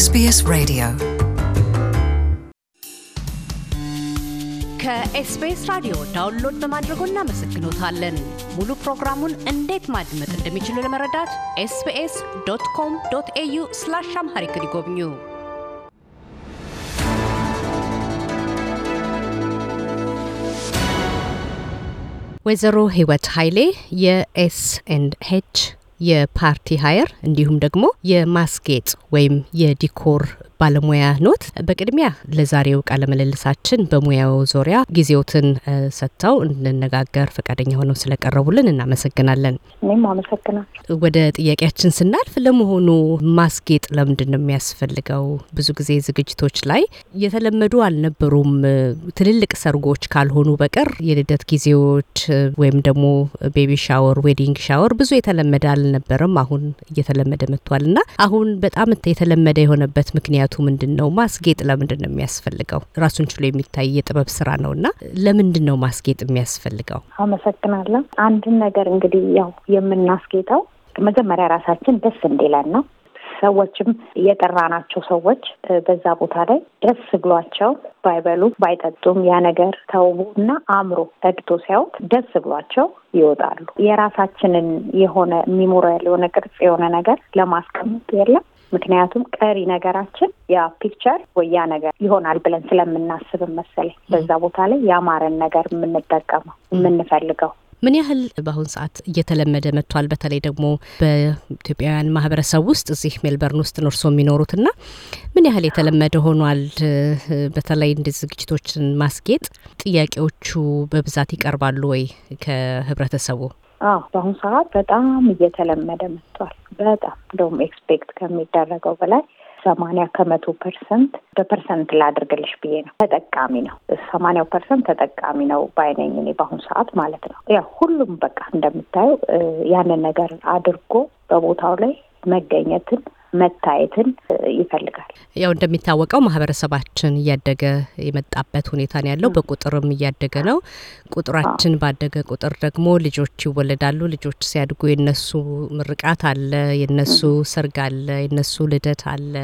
ኤስቢኤስ ሬዲዮ ከኤስቢኤስ ራዲዮ ዳውንሎድ በማድረጎ እናመሰግኖታለን። ሙሉ ፕሮግራሙን እንዴት ማድመጥ እንደሚችሉ ለመረዳት ኤስቢኤስ ዶት ኮም ዶት ኤዩ ስላሽ አምሃሪክ ይጎብኙ። ወይዘሮ ህይወት ኃይሌ የኤስ ኤንድ ኤች የፓርቲ ሀየር እንዲሁም ደግሞ የማስጌጥ ወይም የዲኮር ባለሙያ ኖት። በቅድሚያ ለዛሬው ቃለምልልሳችን በሙያው ዙሪያ ጊዜዎትን ሰጥተው እንነጋገር ፈቃደኛ ሆነው ስለቀረቡልን እናመሰግናለን። እኔም አመሰግናል። ወደ ጥያቄያችን ስናልፍ ለመሆኑ ማስጌጥ ለምንድን ነው የሚያስፈልገው? ብዙ ጊዜ ዝግጅቶች ላይ የተለመዱ አልነበሩም። ትልልቅ ሰርጎች ካልሆኑ በቀር የልደት ጊዜዎች ወይም ደግሞ ቤቢ ሻወር፣ ዌዲንግ ሻወር ብዙ የተለመዳል አልነበረም። አሁን እየተለመደ መጥቷል እና አሁን በጣም የተለመደ የሆነበት ምክንያቱ ምንድን ነው? ማስጌጥ ለምንድን ነው የሚያስፈልገው? ራሱን ችሎ የሚታይ የጥበብ ስራ ነው እና ለምንድን ነው ማስጌጥ የሚያስፈልገው? አመሰግናለሁ። አንድን ነገር እንግዲህ ያው የምናስጌጠው መጀመሪያ ራሳችን ደስ እንዲለን ነው ሰዎችም የጠራናቸው ሰዎች በዛ ቦታ ላይ ደስ ብሏቸው ባይበሉ ባይጠጡም ያ ነገር ተውቡ እና አእምሮ እድቶ ሲያውቅ ደስ ብሏቸው ይወጣሉ። የራሳችንን የሆነ ሚሞሪያል የሆነ ቅርጽ የሆነ ነገር ለማስቀመጥ የለም ምክንያቱም ቀሪ ነገራችን ያ ፒክቸር ወያ ነገር ይሆናል ብለን ስለምናስብ መሰለኝ በዛ ቦታ ላይ ያማረን ነገር የምንጠቀመው የምንፈልገው ምን ያህል በአሁን ሰዓት እየተለመደ መጥቷል? በተለይ ደግሞ በኢትዮጵያውያን ማህበረሰብ ውስጥ እዚህ ሜልበርን ውስጥ እርሶ የሚኖሩትና ምን ያህል የተለመደ ሆኗል? በተለይ እንደ ዝግጅቶችን ማስጌጥ ጥያቄዎቹ በብዛት ይቀርባሉ ወይ ከህብረተሰቡ? አዎ በአሁን ሰዓት በጣም እየተለመደ መጥቷል። በጣም እንደውም ኤክስፔክት ከሚደረገው በላይ ሰማንያ ከመቶ ፐርሰንት በፐርሰንት ላድርግልሽ ብዬ ነው። ተጠቃሚ ነው፣ ሰማንያው ፐርሰንት ተጠቃሚ ነው ባይነኝ እኔ በአሁኑ ሰዓት ማለት ነው። ያው ሁሉም በቃ እንደምታየው ያንን ነገር አድርጎ በቦታው ላይ መገኘትን መታየትን ይፈልጋል። ያው እንደሚታወቀው ማህበረሰባችን እያደገ የመጣበት ሁኔታ ነው ያለው። በቁጥርም እያደገ ነው። ቁጥራችን ባደገ ቁጥር ደግሞ ልጆች ይወለዳሉ። ልጆች ሲያድጉ የነሱ ምርቃት አለ፣ የነሱ ሰርግ አለ፣ የነሱ ልደት አለ።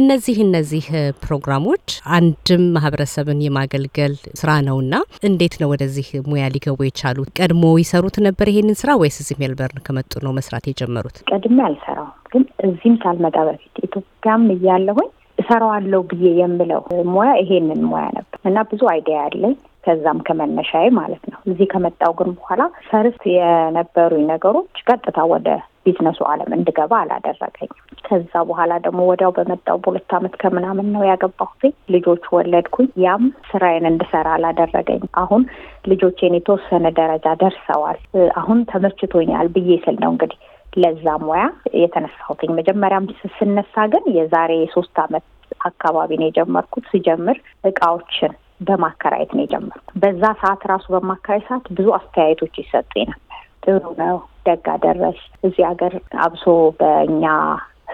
እነዚህ እነዚህ ፕሮግራሞች አንድም ማህበረሰብን የማገልገል ስራ ነውና እንዴት ነው ወደዚህ ሙያ ሊገቡ የቻሉት? ቀድሞ ይሰሩት ነበር ይሄንን ስራ ወይስ እዚህ ሜልበርን ከመጡ ነው መስራት የጀመሩት? ቀድሜ አልሰራው ግን እዚህም ሳልመጣ በፊት ኢትዮጵያም እያለሁኝ እሰራዋለሁ ብዬ የምለው ሙያ ይሄንን ሙያ ነበር እና ብዙ አይዲያ ያለኝ ከዛም ከመነሻዬ ማለት ነው። እዚህ ከመጣው ግን በኋላ ፈርስት የነበሩኝ ነገሮች ቀጥታ ወደ ቢዝነሱ ዓለም እንድገባ አላደረገኝም። ከዛ በኋላ ደግሞ ወዲያው በመጣው በሁለት ዓመት ከምናምን ነው ያገባሁት። ልጆች ወለድኩኝ። ያም ስራዬን እንድሰራ አላደረገኝ። አሁን ልጆቼን የተወሰነ ደረጃ ደርሰዋል። አሁን ተመችቶኛል ብዬ ስል ነው እንግዲህ ለዛ ሙያ የተነሳሁትኝ። መጀመሪያም ስነሳ ግን የዛሬ ሶስት አመት አካባቢ ነው የጀመርኩት። ስጀምር እቃዎችን በማከራየት ነው የጀመርኩት። በዛ ሰዓት ራሱ በማከራየት ሰዓት ብዙ አስተያየቶች ይሰጡኝ ነበር። ጥሩ ነው፣ ደግ አደረሽ። እዚህ ሀገር አብሶ በእኛ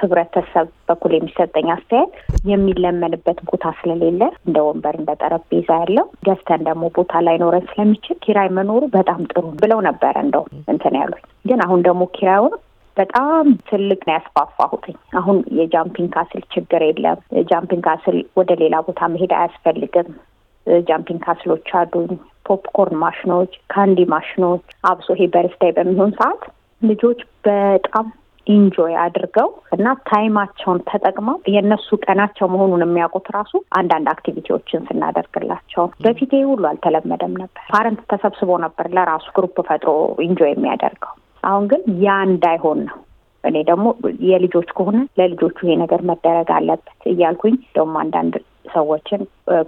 ህብረተሰብ በኩል የሚሰጠኝ አስተያየት የሚለመንበት ቦታ ስለሌለ እንደ ወንበር እንደ ጠረጴዛ ያለው ገዝተን ደግሞ ቦታ ላይኖረን ስለሚችል ኪራይ መኖሩ በጣም ጥሩ ብለው ነበረ። እንደው እንትን ያሉኝ ግን አሁን ደግሞ ኪራዩን በጣም ትልቅ ነው ያስፋፋሁትኝ። አሁን የጃምፒንግ ካስል ችግር የለም። ጃምፒንግ ካስል ወደ ሌላ ቦታ መሄድ አያስፈልግም። ጃምፒንግ ካስሎች አሉኝ፣ ፖፕኮርን ማሽኖች፣ ካንዲ ማሽኖች። አብሶ ይሄ በርስዳይ በሚሆን ሰዓት ልጆች በጣም ኢንጆይ አድርገው እና ታይማቸውን ተጠቅመው የእነሱ ቀናቸው መሆኑን የሚያውቁት ራሱ አንዳንድ አክቲቪቲዎችን ስናደርግላቸው በፊት ሁሉ አልተለመደም ነበር። ፓረንት ተሰብስቦ ነበር ለራሱ ግሩፕ ፈጥሮ ኢንጆይ የሚያደርገው አሁን ግን ያ እንዳይሆን ነው። እኔ ደግሞ የልጆች ከሆነ ለልጆቹ ይሄ ነገር መደረግ አለበት እያልኩኝ ደግሞ አንዳንድ ሰዎችን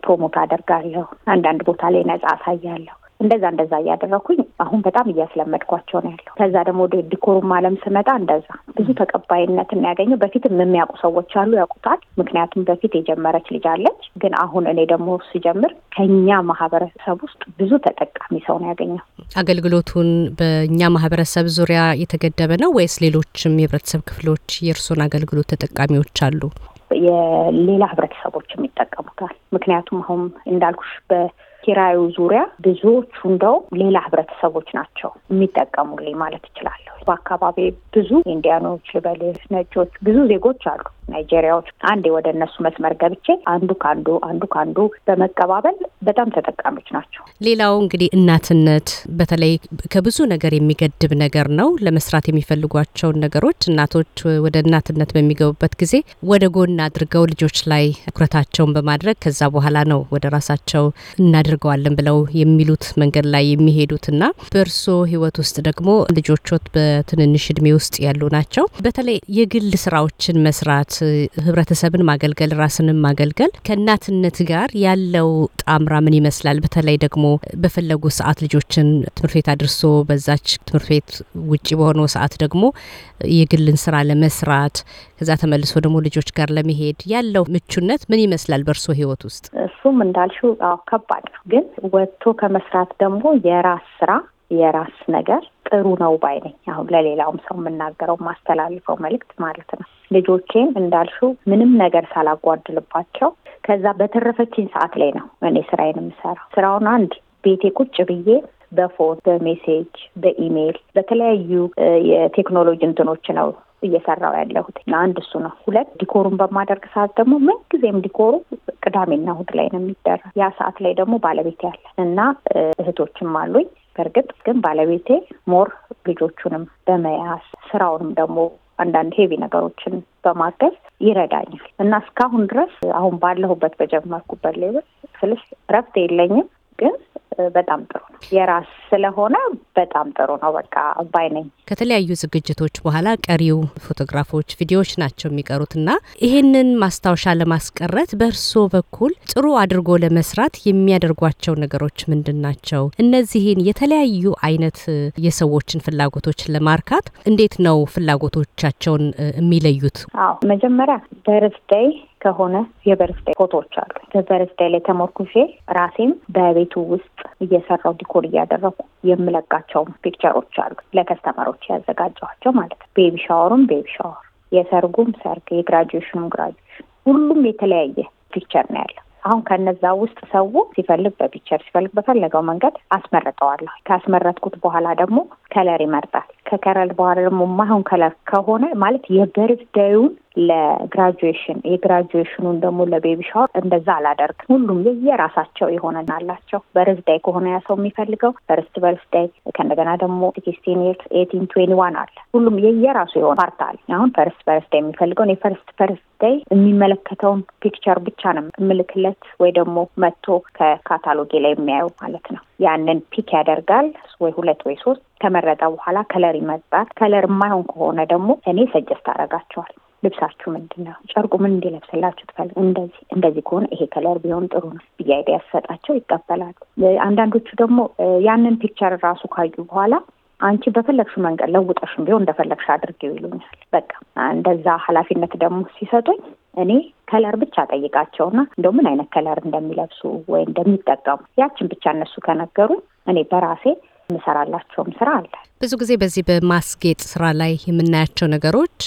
ፕሮሞት አደርጋለሁ። አንዳንድ ቦታ ላይ ነጻ አሳያለሁ። እንደዛ እንደዛ እያደረኩኝ አሁን በጣም እያስለመድኳቸው ነው ያለው። ከዛ ደግሞ ወደ ዲኮሩም አለም ስመጣ እንደዛ ብዙ ተቀባይነት ያገኘው። በፊትም የሚያውቁ ሰዎች አሉ ያውቁታል። ምክንያቱም በፊት የጀመረች ልጅ አለች። ግን አሁን እኔ ደግሞ ስጀምር ከኛ ማህበረሰብ ውስጥ ብዙ ተጠቃሚ ሰው ነው ያገኘው። አገልግሎቱን በእኛ ማህበረሰብ ዙሪያ የተገደበ ነው ወይስ ሌሎችም የህብረተሰብ ክፍሎች የእርሶን አገልግሎት ተጠቃሚዎች አሉ? የሌላ ህብረተሰቦችም ይጠቀሙታል። ምክንያቱም አሁን እንዳልኩሽ በ ኪራዩ ዙሪያ ብዙዎቹ እንደው ሌላ ህብረተሰቦች ናቸው የሚጠቀሙልኝ ማለት ይችላለሁ። በአካባቢ ብዙ ኢንዲያኖች ልበልህ፣ ነጮች ብዙ ዜጎች አሉ። ናይጄሪያዎች አንዴ ወደ እነሱ መስመር ገብቼ አንዱ ከአንዱ አንዱ ከአንዱ በመቀባበል በጣም ተጠቃሚዎች ናቸው። ሌላው እንግዲህ እናትነት በተለይ ከብዙ ነገር የሚገድብ ነገር ነው። ለመስራት የሚፈልጓቸውን ነገሮች እናቶች ወደ እናትነት በሚገቡበት ጊዜ ወደ ጎን አድርገው ልጆች ላይ ትኩረታቸውን በማድረግ ከዛ በኋላ ነው ወደ ራሳቸው እናድርገዋለን ብለው የሚሉት መንገድ ላይ የሚሄዱትና በእርሶ ህይወት ውስጥ ደግሞ ልጆቾት በትንንሽ እድሜ ውስጥ ያሉ ናቸው። በተለይ የግል ስራዎችን መስራት ህብረተሰብን ማገልገል ራስንም ማገልገል ከእናትነት ጋር ያለው ጣምራ ምን ይመስላል? በተለይ ደግሞ በፈለጉ ሰዓት ልጆችን ትምህርት ቤት አድርሶ በዛች ትምህርት ቤት ውጭ በሆነው ሰዓት ደግሞ የግልን ስራ ለመስራት ከዛ ተመልሶ ደግሞ ልጆች ጋር ለመሄድ ያለው ምቹነት ምን ይመስላል በእርሶ ህይወት ውስጥ? እሱም እንዳልሽው አዎ ከባድ ነው፣ ግን ወጥቶ ከመስራት ደግሞ የራስ ስራ የራስ ነገር ጥሩ ነው ባይ ነኝ። አሁን ለሌላውም ሰው የምናገረው ማስተላልፈው መልእክት ማለት ነው። ልጆቼም እንዳልሹ ምንም ነገር ሳላጓድልባቸው ከዛ በተረፈችኝ ሰዓት ላይ ነው እኔ ስራዬን የምሰራው። ስራውን አንድ ቤቴ ቁጭ ብዬ በፎን በሜሴጅ በኢሜይል በተለያዩ የቴክኖሎጂ እንትኖች ነው እየሰራው ያለሁት አንድ እሱ ነው። ሁለት ዲኮሩን በማደርግ ሰዓት ደግሞ ምንጊዜም ዲኮሩ ቅዳሜና እሑድ ላይ ነው የሚደረግ። ያ ሰዓት ላይ ደግሞ ባለቤቴ ያለ እና እህቶችም አሉኝ። በእርግጥ ግን ባለቤቴ ሞር ልጆቹንም በመያዝ ስራውንም ደግሞ አንዳንድ ሄቪ ነገሮችን በማገዝ ይረዳኛል እና እስካሁን ድረስ አሁን ባለሁበት በጀመርኩበት ሌብል ስልሽ እረፍት የለኝም ግን በጣም ጥሩ ነው። የራስ ስለሆነ በጣም ጥሩ ነው። በቃ አባይ ነኝ። ከተለያዩ ዝግጅቶች በኋላ ቀሪው ፎቶግራፎች፣ ቪዲዮዎች ናቸው የሚቀሩት እና ይህንን ማስታወሻ ለማስቀረት በእርስዎ በኩል ጥሩ አድርጎ ለመስራት የሚያደርጓቸው ነገሮች ምንድን ናቸው? እነዚህን የተለያዩ አይነት የሰዎችን ፍላጎቶች ለማርካት እንዴት ነው ፍላጎቶቻቸውን የሚለዩት? አዎ መጀመሪያ በርዝደይ ከሆነ የበርስዳይ ፎቶዎች አሉ። በበርስዳይ ላይ ተሞርኩሼ ራሴም በቤቱ ውስጥ እየሰራው ዲኮር እያደረጉ የምለቃቸው ፒክቸሮች አሉ። ለከስተመሮች ያዘጋጀኋቸው ማለት ነው። ቤቢ ሻወሩም ቤቢ ሻወር፣ የሰርጉም ሰርግ፣ የግራጁዌሽኑም ግራጁዌሽን፣ ሁሉም የተለያየ ፒክቸር ነው ያለው። አሁን ከነዛ ውስጥ ሰው ሲፈልግ በፒቸር ሲፈልግ በፈለገው መንገድ አስመርጠዋለሁ። ካስመረጥኩት በኋላ ደግሞ ከለር ይመርጣል። ከከለር በኋላ ደግሞ ማይሆን ከለር ከሆነ ማለት የበርዝዳዩን ለግራጁዌሽን የግራጁዌሽኑን ደግሞ ለቤቢ ሻወር እንደዛ አላደርግ። ሁሉም የየራሳቸው የሆነ አላቸው። በርዝዳይ ከሆነ ያ ሰው የሚፈልገው ፈርስት በርዝዳይ፣ ከእንደገና ደግሞ ሲክስቲን ይርስ፣ ኤቲን፣ ትዌንቲ ዋን አለ። ሁሉም የየራሱ የሆነ ፓርት አለ። አሁን ፈርስት በርዝዳይ የሚፈልገውን የፈርስት በርዝዳይ የሚመለከተውን ፒክቸር ብቻ ነው ምልክለት ወይ ደግሞ መጥቶ ከካታሎጌ ላይ የሚያየው ማለት ነው። ያንን ፒክ ያደርጋል ወይ ሁለት ወይ ሶስት ከመረጠ በኋላ ከለር ይመጣል። ከለር የማይሆን ከሆነ ደግሞ እኔ ሰጀስት አደርጋቸዋል። ልብሳችሁ ምንድን ነው? ጨርቁ ምን እንዲለብስላችሁ ትፈል እንደዚህ እንደዚህ ከሆነ ይሄ ከለር ቢሆን ጥሩ ነው ብዬ አይዲያ ያሰጣቸው ይቀበላሉ። አንዳንዶቹ ደግሞ ያንን ፒክቸር ራሱ ካዩ በኋላ አንቺ በፈለግሽ መንገድ ለውጠሽም ቢሆን እንደፈለግሽ አድርጌው ይሉኛል። በቃ እንደዛ ኃላፊነት ደግሞ ሲሰጡኝ እኔ ከለር ብቻ ጠይቃቸውና እንደው ምን አይነት ከለር እንደሚለብሱ ወይ እንደሚጠቀሙ ያችን ብቻ እነሱ ከነገሩኝ እኔ በራሴ የምሰራላቸውም ስራ አለ። ብዙ ጊዜ በዚህ በማስጌጥ ስራ ላይ የምናያቸው ነገሮች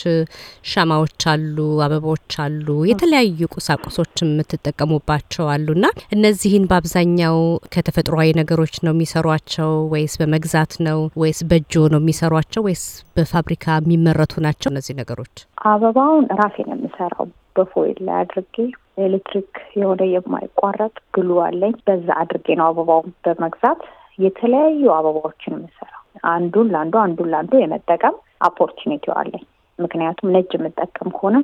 ሻማዎች አሉ፣ አበቦች አሉ፣ የተለያዩ ቁሳቁሶች የምትጠቀሙባቸው አሉና እነዚህን በአብዛኛው ከተፈጥሯዊ ነገሮች ነው የሚሰሯቸው ወይስ በመግዛት ነው ወይስ በእጆ ነው የሚሰሯቸው ወይስ በፋብሪካ የሚመረቱ ናቸው? እነዚህ ነገሮች አበባውን ራሴ ነው የምሰራው በፎይል ላይ አድርጌ ኤሌክትሪክ የሆነ የማይቋረጥ ግሉ አለኝ። በዛ አድርጌ ነው አበባውን በመግዛት የተለያዩ አበባዎችን የምሰራው አንዱን ለአንዱ አንዱን ለአንዱ የመጠቀም አፖርቹኒቲ አለኝ። ምክንያቱም ነጭ የምጠቀም ከሆነ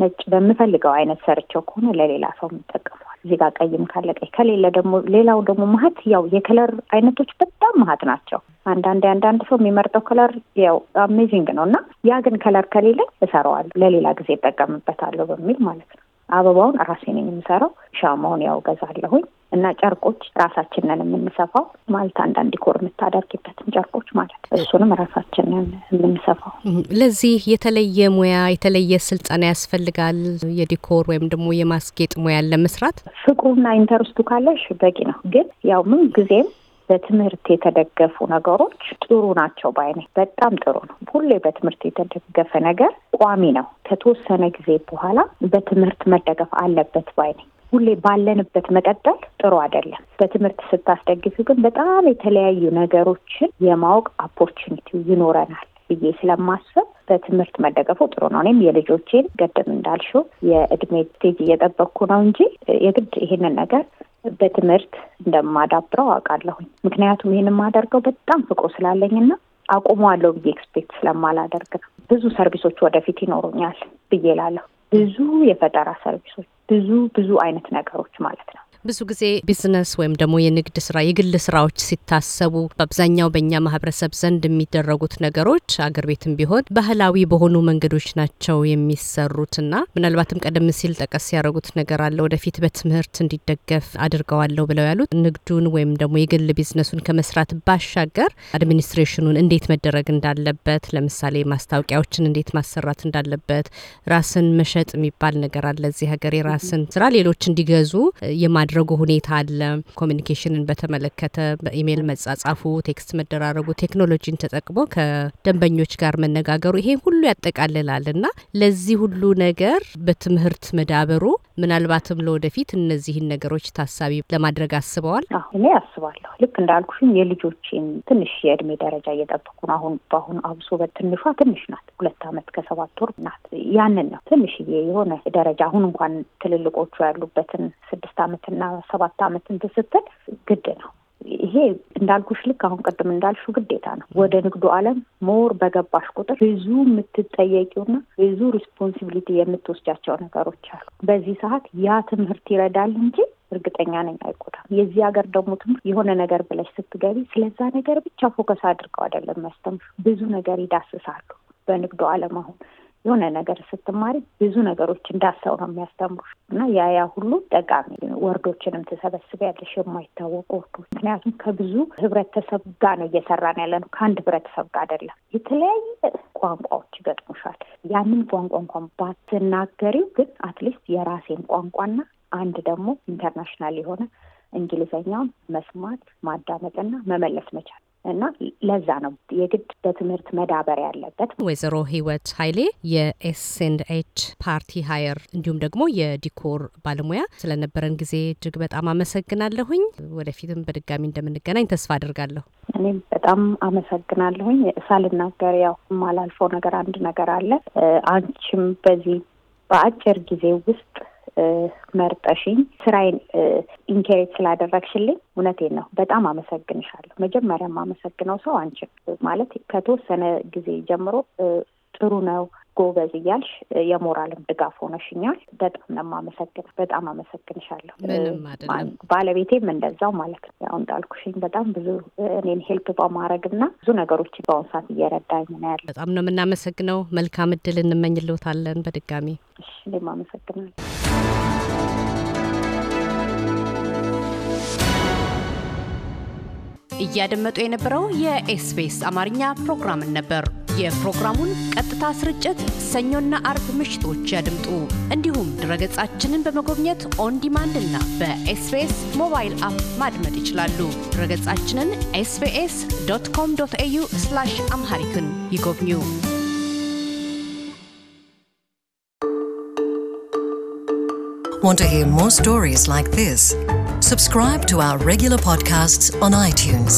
ነጭ በምፈልገው አይነት ሰርቸው ከሆነ ለሌላ ሰው የምጠቀመዋል። እዚህ ጋር ቀይም ካለ ቀይ፣ ከሌለ ደግሞ ሌላው ደግሞ መሀት ያው የከለር አይነቶች በጣም መሀት ናቸው። አንዳንድ አንዳንድ ሰው የሚመርጠው ከለር ያው አሜዚንግ ነው እና ያ ግን ከለር ከሌለ እሰራዋለሁ፣ ለሌላ ጊዜ እጠቀምበታለሁ በሚል ማለት ነው። አበባውን ራሴ ነኝ የምሰራው። ሻማውን ያው ገዛለሁኝ እና ጨርቆች ራሳችንን የምንሰፋው ማለት አንዳንድ ዲኮር የምታደርግበትን ጨርቆች ማለት እሱንም ራሳችንን የምንሰፋው። ለዚህ የተለየ ሙያ የተለየ ስልጠና ያስፈልጋል። የዲኮር ወይም ደግሞ የማስጌጥ ሙያን ለመስራት ፍቅሩና ኢንተርስቱ ካለሽ በቂ ነው። ግን ያው ምን ጊዜም በትምህርት የተደገፉ ነገሮች ጥሩ ናቸው ባይኔ በጣም ጥሩ ነው። ሁሌ በትምህርት የተደገፈ ነገር ቋሚ ነው። ከተወሰነ ጊዜ በኋላ በትምህርት መደገፍ አለበት ባይኔ ሁሌ ባለንበት መቀጠል ጥሩ አይደለም። በትምህርት ስታስደግፊው ግን በጣም የተለያዩ ነገሮችን የማወቅ አፖርቹኒቲ ይኖረናል ብዬ ስለማስብ በትምህርት መደገፉ ጥሩ ነው። እኔም የልጆቼን ገድም እንዳልሽው የእድሜ ስቴጅ እየጠበቅኩ ነው እንጂ የግድ ይሄንን ነገር በትምህርት እንደማዳብረው አውቃለሁኝ። ምክንያቱም ይህን የማደርገው በጣም ፍቅሩ ስላለኝና አቁመዋለሁ ብዬ ኤክስፔክት ስለማላደርግ ነው። ብዙ ሰርቪሶች ወደፊት ይኖሩኛል ብዬ ላለሁ ብዙ የፈጠራ ሰርቪሶች፣ ብዙ ብዙ አይነት ነገሮች ማለት ነው። ብዙ ጊዜ ቢዝነስ ወይም ደግሞ የንግድ ስራ የግል ስራዎች ሲታሰቡ በአብዛኛው በእኛ ማህበረሰብ ዘንድ የሚደረጉት ነገሮች አገር ቤትም ቢሆን ባህላዊ በሆኑ መንገዶች ናቸው የሚሰሩትና ምናልባትም ቀደም ሲል ጠቀስ ያደረጉት ነገር አለ። ወደፊት በትምህርት እንዲደገፍ አድርገዋለሁ ብለው ያሉት ንግዱን ወይም ደግሞ የግል ቢዝነሱን ከመስራት ባሻገር አድሚኒስትሬሽኑን እንዴት መደረግ እንዳለበት፣ ለምሳሌ ማስታወቂያዎችን እንዴት ማሰራት እንዳለበት፣ ራስን መሸጥ የሚባል ነገር አለ እዚህ ሀገር የራስን ስራ ሌሎች እንዲገዙ የማድ የማድረጉ ሁኔታ አለ። ኮሚኒኬሽንን በተመለከተ በኢሜይል መጻጻፉ፣ ቴክስት መደራረጉ፣ ቴክኖሎጂን ተጠቅሞ ከደንበኞች ጋር መነጋገሩ ይሄ ሁሉ ያጠቃልላል እና ለዚህ ሁሉ ነገር በትምህርት መዳበሩ ምናልባትም ለወደፊት እነዚህን ነገሮች ታሳቢ ለማድረግ አስበዋል። እኔ አስባለሁ። ልክ እንዳልኩሽም የልጆችን ትንሽ የእድሜ ደረጃ እየጠበቁ ነው። አሁን በአሁኑ አብሶ በትንሿ ትንሽ ናት፣ ሁለት ዓመት ከሰባት ወር ናት። ያንን ነው ትንሽዬ የሆነ ደረጃ አሁን እንኳን ትልልቆቹ ያሉበትን ስድስት ዓመትና ሰባት ዓመትን ትስትል ግድ ነው ይሄ እንዳልኩሽ ልክ አሁን ቅድም እንዳልሹ ግዴታ ነው። ወደ ንግዱ ዓለም ሞር በገባሽ ቁጥር ብዙ የምትጠየቂውና ብዙ ሪስፖንሲቢሊቲ የምትወስጃቸው ነገሮች አሉ። በዚህ ሰዓት ያ ትምህርት ይረዳል እንጂ እርግጠኛ ነኝ አይጎዳም። የዚህ ሀገር ደግሞ ትምህርት የሆነ ነገር ብለሽ ስትገቢ ስለዛ ነገር ብቻ ፎከስ አድርገው አይደለም ያስተምሩ፣ ብዙ ነገር ይዳስሳሉ በንግዱ ዓለም አሁን የሆነ ነገር ስትማሪ ብዙ ነገሮች እንዳሰው ነው የሚያስተምሩ እና ያ ያ ሁሉ ጠቃሚ ወርዶችንም ያለሽ የማይታወቁ ወርዶች። ምክንያቱም ከብዙ ህብረተሰብ ጋር ነው እየሰራን ያለ ነው፣ ከአንድ ህብረተሰብ ጋር አይደለም። የተለያየ ቋንቋዎች ይገጥሙሻል። ያንን ቋንቋ እንኳን ባትናገሪው ግን አትሊስት የራሴን ቋንቋና አንድ ደግሞ ኢንተርናሽናል የሆነ እንግሊዘኛውን መስማት ማዳመጥና መመለስ መቻል እና ለዛ ነው የግድ በትምህርት መዳበር ያለበት። ወይዘሮ ህይወት ኃይሌ የኤስ ኤች ፓርቲ ሀየር እንዲሁም ደግሞ የዲኮር ባለሙያ ስለነበረን ጊዜ እጅግ በጣም አመሰግናለሁኝ። ወደፊትም በድጋሚ እንደምንገናኝ ተስፋ አድርጋለሁ። እኔም በጣም አመሰግናለሁኝ። ሳልናገር ያው የማላልፈው ነገር አንድ ነገር አለ። አንቺም በዚህ በአጭር ጊዜ ውስጥ መርጠሽኝ ስራዬን ኢንኬሬት ስላደረግሽልኝ እውነቴን ነው በጣም አመሰግንሻለሁ። መጀመሪያ የማመሰግነው ሰው አንቺን ማለት ከተወሰነ ጊዜ ጀምሮ ጥሩ ነው ጎበዝ እያልሽ የሞራልም ድጋፍ ሆነሽኛል። በጣም ነው የማመሰግን በጣም አመሰግንሻለሁ። ባለቤቴም እንደዛው ማለት ነው። ያው እንዳልኩሽኝ በጣም ብዙ እኔን ሄልፕ በማድረግና ብዙ ነገሮች በአሁን ሰዓት እየረዳኝ ነው ያለ። በጣም ነው የምናመሰግነው። መልካም እድል እንመኝልዎታለን በድጋሚ። እሺ እኔም አመሰግናለሁ። እያደመጡ የነበረው የኤስቢኤስ አማርኛ ፕሮግራምን ነበር። የፕሮግራሙን ቀጥታ ስርጭት ሰኞና አርብ ምሽቶች ያድምጡ። እንዲሁም ድረገጻችንን በመጎብኘት ኦን ዲማንድ እና በኤስቢኤስ ሞባይል አፕ ማድመጥ ይችላሉ። ድረገጻችንን ኤስቢኤስ ዶት ኮም ዶት ኤዩ አምሃሪክን ይጎብኙ። Want to hear more stories like this? Subscribe to our regular podcasts on iTunes.